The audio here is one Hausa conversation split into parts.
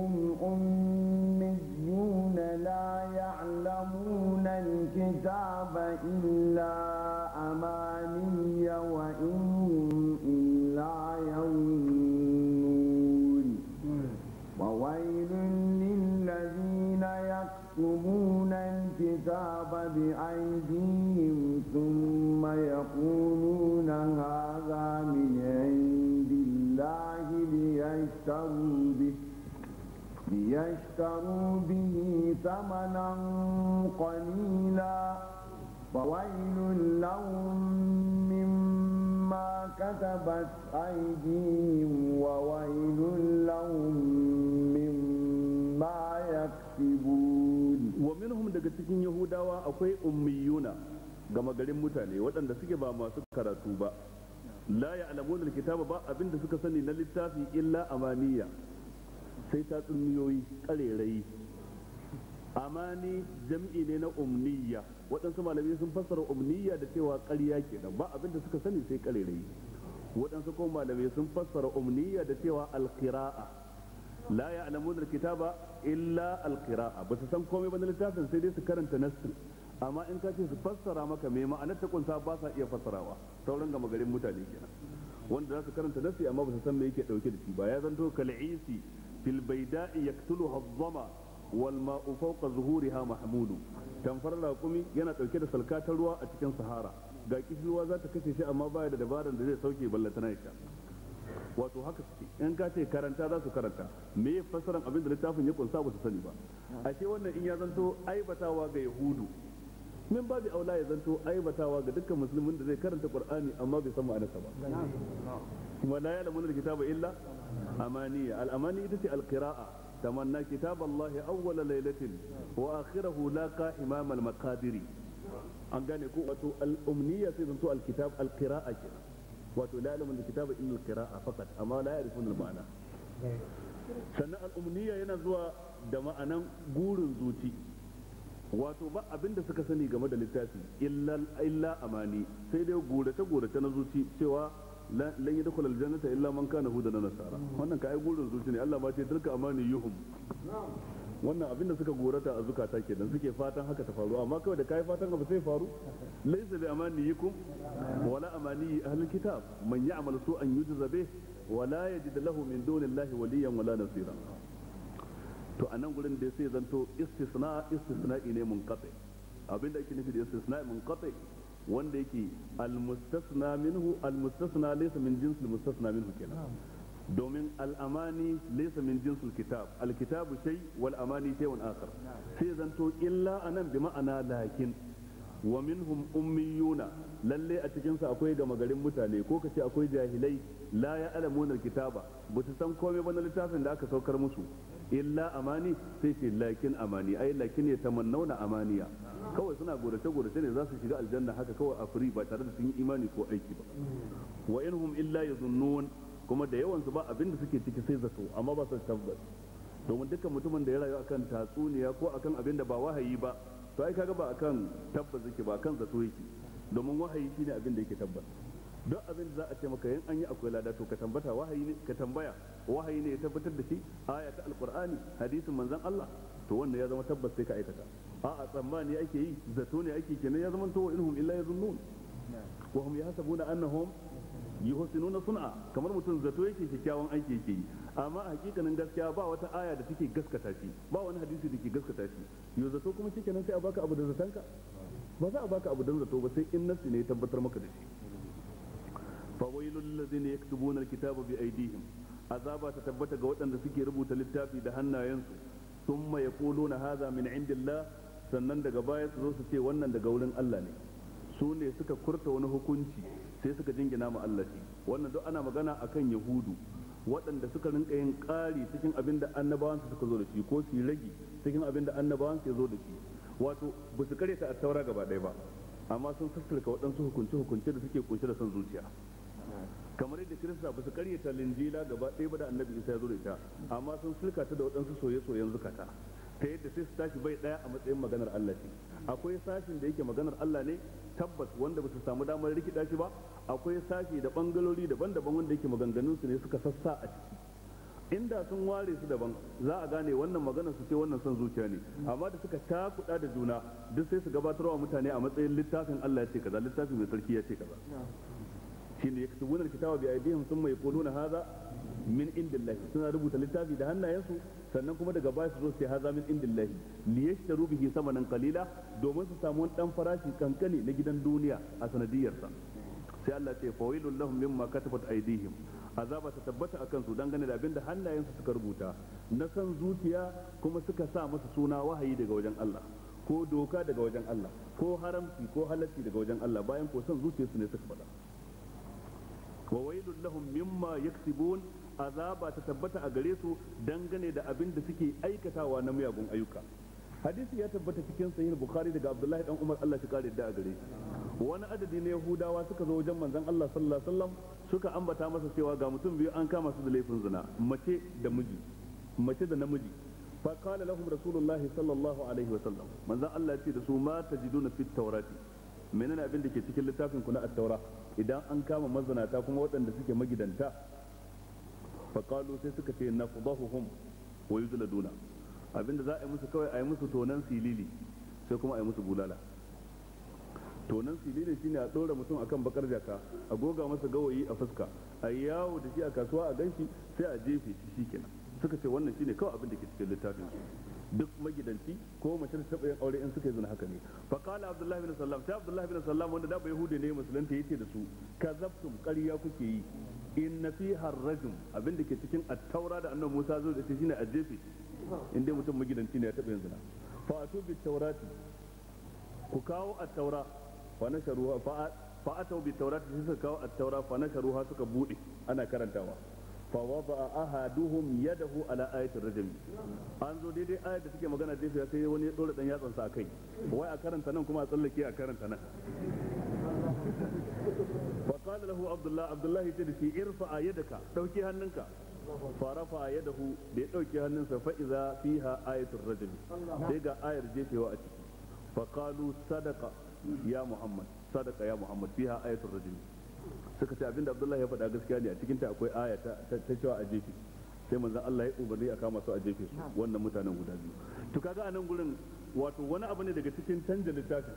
Umi, ummi, zunala ya lamuna illa amani, yawa imuri illa yawuri. Wa wayilunni lazina ya tukuna ni kitaba bi aiki ni musumba ya ليشتروا به ثمنا قليلا فويل لهم مما كتبت أيديهم وويل لهم مما يكسبون ومنهم دقتكين يهودا وأخوي أميون gama garin mutane waɗanda suke ba masu karatu ba la ya alamun kitaba ba abinda suka sani na littafi illa amaniya sai ta tsunniyoyi ƙarerayi ni jam'i ne na umniya waɗansu malamai sun fassara umniya da cewa ƙarya kenan ba abin suka sani sai ƙarerayi waɗansu kuma malamai sun fassara umniya da cewa alƙira'a la ya'lamun alkitaba illa alƙira'a ba su san komai ba na littafin sai dai su karanta nassin amma in ka ce su fassara maka mai ma'anar ta kunsa ba sa iya fassarawa sauran gama garin mutane kenan wanda za su karanta nassi amma ba su san me yake dauke da shi ba ya zanto kal'isi fil baida'i yaqtuluha adh-dhama wal ma'u fawqa zuhuriha mahmudu tamfar raƙumi yana ɗauke da salka ruwa a cikin sahara ga kishirwa za ta kashe shi amma baya da dabaran da zai sauke ballata na sha wato haka suke in ka ce karanta za su karanta me ya fassaran abin da littafin ya kunsa ba su sani ba ashe wannan in ya zanto aibatawa ga yahudu min babu aula ya zanto aibatawa ga dukkan musulmin da zai karanta qur'ani amma bai san ma'anarsa ba kuma la ya'lamu da kitaba illa amaniya al'amani ita ce alqira'a tamanna kitaballahi awwala lailatin wa akhirahu laqa imam al-maqadiri an gane ko wato al-umniya sai zanto al-kitab al-qira'a kenan wato la ilmu al-kitab illa al-qira'a faqat amma la ya'rifun al-ma'ana sannan al-umniya yana zuwa da ma'anan gurin zuci wato ba abin da suka sani game da littafi illa amani sai dai gurace-gurace na zuci cewa lan yi yadkhul ta illa man kana hudan na nasara wannan ka ai gurin zuci ne Allah ma ce amani yuhum wannan abin da suka gorata a zukata ke nan suke fatan haka ta faru amma kawai da kai fatan abu sai faru laysa bi amaniyikum wala amani ahlul kitab man ya'mal su'an yujza bih wala yajid lahu min dunillahi waliyan wala nasira to a nan gurin da sai zanto istisna istisna ne mun abin da ake nufi da istisna mun wanda yake almustasna minhu almustasna laysa min jinsil mustasna minhu kenan domin al'amani laysa min jinsil kitab alkitabu shay wal amani wal akhar sai zanto illa anan bi ma'ana lakin wa minhum ummiyuna lalle a cikin su akwai gama garin mutane ko kace akwai jahilai la ya alamuna kitaba ba san komai ba na littafin da aka saukar musu illa amani sai ce lakin amani ai lakin ya tamannauna amaniya kawai suna gorace gorace ne za su shiga aljanna haka kawai a firi ba tare da sun yi imani ko aiki ba wa inhum illa yazunnun kuma da yawan su ba abin da suke ciki sai zato amma ba su tabbas domin dukkan mutumin da ya rayu akan tatsuniya ko akan abin da ba wahayi ba to ai kaga ba akan tabbas yake ba akan zato yake domin wahayi shine abin da yake tabbas duk abin da za a ce maka yin an yi akwai lada to ka tambata wahayi ka tambaya wahayi ne ya tabbatar da shi aya ta alqur'ani hadisin manzon Allah to wannan ya zama tabbas sai ka aikata a'a tsammani ake yi zato ne ake kenan ya zama to inhum illa yazunnun wa hum yahsabuna annahum yuhsinuna sun'a kamar mutum zato yake kyakkyawan aiki yake yi amma a hakikanin gaskiya ba wata aya da take gaskata shi ba wani hadisi da ke gaskata shi yo zato kuma shikenan sai a baka abu da zatanka ba za a baka abu don zato ba sai in nafsi ne ya tabbatar maka da shi fa wailul ladzina yaktubuna alkitaba bi aydihim azaba ta tabbata ga waɗanda suke rubuta littafi da hannayensu kolo na haza min indillah sannan daga baya su zo su ce wannan daga wurin Allah ne su ne suka kurta wani hukunci sai suka jingina ma Allah shi wannan duk ana magana a kan yahudu waɗanda suka rinka yin ƙari cikin abin da annabawansu suka zo da shi ko su rage cikin abin da annabawansu ya zo da shi wato ba su kare ta a taura gaba ɗaya ba amma sun sassarka waɗansu hukunce-hukunce da suke kunshe da son zuciya kamar yadda kirista ba su karyata linjila gaba ɗaya ba da annabi isa ya zo da ita amma sun sulka ta da waɗansu soye-soyen zukata ta yadda sai su tashi bai ɗaya a matsayin maganar Allah ce akwai sashin da yake maganar Allah ne tabbas wanda ba su samu damar rikida shi ba akwai sashi da bangalori daban-daban wanda yake maganganun su ne suka sassa a ciki inda sun ware su daban za a gane wannan maganar su ce wannan son zuciya ne amma da suka takuda da juna duk sai su gabatarwa mutane a matsayin littafin Allah ya ce kaza littafin mai sarki ya ce kaza shine yaktubuna alkitaba bi aydihim thumma yaquluna hadha min indillahi suna rubuta littafi da hannayensu sannan kuma daga baya su zo sai haza min indillahi ta yashtaru bihi samanan qalila domin su samu wani dan farashi kankani na gidan duniya a sa, sai Allah ce fawailul lahum mimma katabat aydihim azaba ta tabbata akan su dangane da abinda hannayensu suka rubuta na san zuciya kuma suka sa masa suna wahayi daga wajen Allah ko doka daga wajen Allah ko haramci ko halacci daga wajen Allah bayan ko san zuciyarsu ne suka faɗa wa wailul lahum mimma yaksibun azaba ta tabbata a gare su dangane da abin da suke aikatawa na miyagun ayyuka hadisi ya tabbata cikin sahih bukhari daga abdullahi dan umar Allah shi kare da a gare wani adadi na yahudawa suka zo wajen manzon Allah sallallahu alaihi wasallam suka ambata masa cewa ga mutum biyu an kama su da laifin zina mace da miji mace da namiji fa qala lahum rasulullahi sallallahu alaihi wasallam manzon Allah ya ce da su ma tajiduna fit tawrati menene abin da ke cikin littafin ku na at idan an kama mazanata kuma waɗanda suke magidanta qalu sai suka ce nafdahuhum wa yuzladuna abinda za a yi musu kawai a yi musu tonan silili sai kuma a yi musu bulala tonan silili shine a dora mutum akan bakar jaka a goga masa gawayi a fuska a yawo da shi a kasuwa a ganshi sai a jefe shi shikenan suka ce wannan shine kawai abin da ke cikin littafin su duk magidanci ko mace ta taɓa yin aure in suka yi zina haka ne fa qala abdullahi bin sallam sai abdullahi bin sallam wanda da ba yahudi ne musulunta yace da su kazabtum ƙarya kuke yi in na fi abin abinda ke cikin taura da annabi Musa zo da shi ne a jefe in dai mutum magidanci ne ya taɓa yin zina fa bi tawrati ku kawo taura fa nasharu fa atu bi tawrati sai suka kawo taura fa nasharuha suka bude ana karantawa فوضع أحدهم يده على آية الرجم an zo daidai ayar da suke magana da jefiya sai wani ya dora dan yatsan sa kai wai a karanta nan kuma a tsallake a karanta nan fa qala lahu abdullah abdullah ya ce irfa yadaka dauki hannunka fa rafa yadahu da ya dauki hannunsa fa iza fiha ayatul rajul sai ga ayar jefewa a ciki fa qalu sadaqa ya muhammad sadaqa ya muhammad fiha ayatul rajul suka ce abinda abdullahi ya faɗa gaskiya ne a cikin ta akwai aya ta cewa a jefe sai manzon Allah ya umarni a kama su a jefe su wannan mutanen guda biyu to kaga anan gurin wato wani abu ne daga cikin canja littafi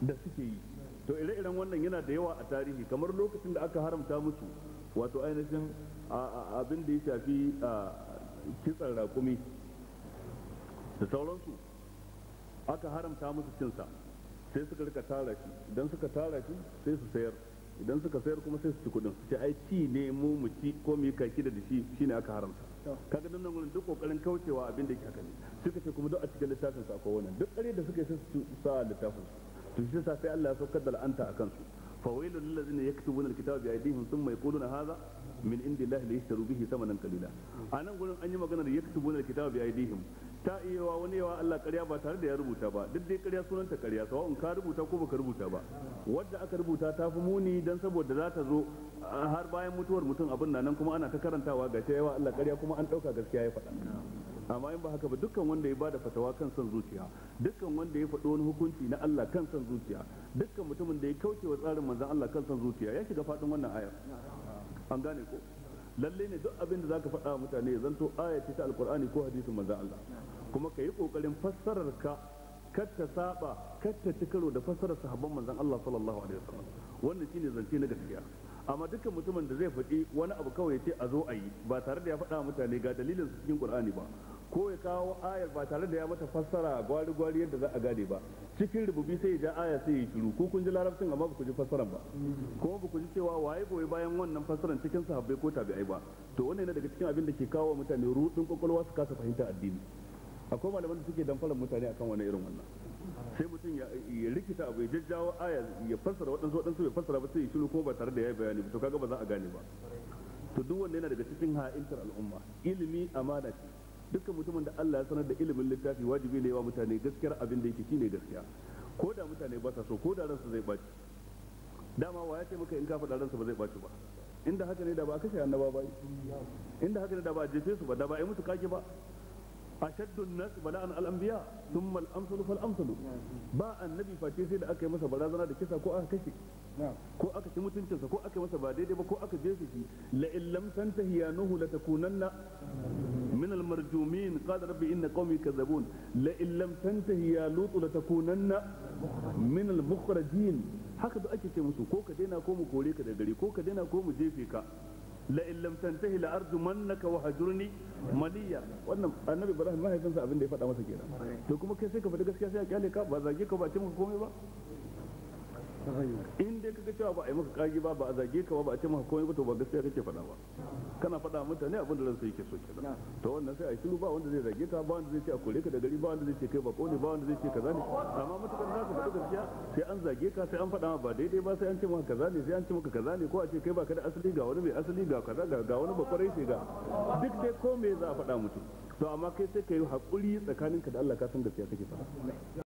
da suke yi to ire-iren wannan yana da yawa a tarihi kamar lokacin da aka haramta musu wato ainihin abin da ya shafi a kitsan rakumi da sauransu aka haramta musu cinsa sai suka rika tara shi idan suka tara shi sai su sayar idan suka sayar kuma sai su ci kudin su ce ai ci ne mu mu ci ko mu yi kaki da shi shine aka haramta kaga nan gurin duk kokarin kaucewa abin da yake haka ne suka ce kuma duk a cikin littafin sa akwai wannan duk kare da suka yi su su sa littafin su to shi sai Allah ya saukar da la'anta akan su fa wailul lil ladzina yaktubuna alkitaba bi aydihim thumma yaquluna hadha min indillahi liyashtaru bihi thamanan qalila anan gurin an yi magana da yaktubuna alkitaba bi aydihim ta iya wa wani yawa Allah ƙarya ba tare da ya rubuta ba duk dai ƙarya sunanta ƙarya sawa'un ka rubuta ko baka rubuta ba wadda aka rubuta ta fi muni dan saboda za ta zo har bayan mutuwar mutum abin nan kuma ana ta karantawa ga yawa Allah ƙarya kuma an ɗauka gaskiya ya faɗa amma in ba haka ba dukkan wanda ya bada fatawa kan son zuciya dukkan wanda ya faɗi wani hukunci na Allah kan son zuciya dukkan mutumin da ya kauce wa tsarin manzon Allah kan son zuciya ya shiga faɗin wannan ayar an gane ko lalle ne duk abin da zaka faɗa mutane ya zanto ayati ta alkur'ani ko hadisin manzon Allah kuma ka yi kokarin fassarar ka katta saba katta ta ci da fassarar sahabban manzon Allah sallallahu alaihi wasallam wannan shine zance na gaskiya amma dukkan mutumin da zai faɗi wani abu kawai ce a zo a yi ba tare da ya faɗa mutane ga dalilin su cikin Qur'ani ba ko ya kawo ayar ba tare da ya mata fassara gwari gwari yadda za a gane ba cikin rububi sai ya ja aya sai ya shiru ko kun ji larabcin amma ba ku ji fassaran ba kuma ba ku ji cewa waye goyi bayan wannan fassaran cikin sahabbai ko tabi'ai ba to wannan yana daga cikin abin da ke kawo mutane rudin kokolwa su kasa fahimta addini akwai malaman da suke damfarar mutane akan wani irin wannan sai mutum ya rikita abu ya jajjawo aya ya fassara waɗansu waɗansu ya fassara ba sai ya shiru ko ba tare da ya bayani ba to kaga ba za a gane ba to duk wanda yana daga cikin ha'intar al'umma ilimi amana ce dukkan mutumin da Allah ya sanar da ilimin littafi wajibi ne wa mutane gaskiyar abin da yake shine gaskiya ko da mutane ba sa so ko da ransu zai baci dama wa ya ce maka in ka faɗa ransa ba zai baci ba inda haka ne da ba a kashe annaba ba inda haka ne da ba a jefe su ba da ba a yi musu kaki ba ashaddun nas bala'an al-anbiya thumma fal amsalu ba annabi face sai da aka yi masa barazana da kisa ko aka kashe ko aka ci mutuncinsa ko aka masa ba daidai ba ko aka jefe shi la in lam tantahi ya nuhu marjumin qala rabbi inna qaumi kadhabun la in lam tantahi ya lutu la takunanna haka da ake ce musu ko ka daina ko mu kore ka da ko ka daina ko mu jefe ka la'in lam tantahi la arjumannaka wa hajurni maliya wannan annabi ibrahim mahaifinsa abin da ya faɗa masa kenan to kuma kai sai ka faɗi gaskiya sai a kyale ka ba zage ka ba ce maka komai ba in dai kaga cewa ba a yi maka kage ba ba a zage ka ba ba a ce maka komai ba to ba gaskiya kake faɗa ba kana faɗa mutane abin da ransa yake so ke to wannan sai a shiru ba wanda zai zage ka ba wanda zai ce a kore ka da gari ba wanda zai ce kai ba kone ba wanda zai ce kaza ne amma mutukar za ka faɗi gaskiya sai an zage ka sai an faɗa ma ba daidai ba sai an ce maka kaza ne sai an ce maka kaza ne ko a ce kai ba ka da asali ga wani mai asali ga kaza ga wani bakwarai sai ga duk dai ko me za a faɗa mutum to amma kai sai ka yi haƙuri tsakaninka da Allah ka san gaskiya kake faɗa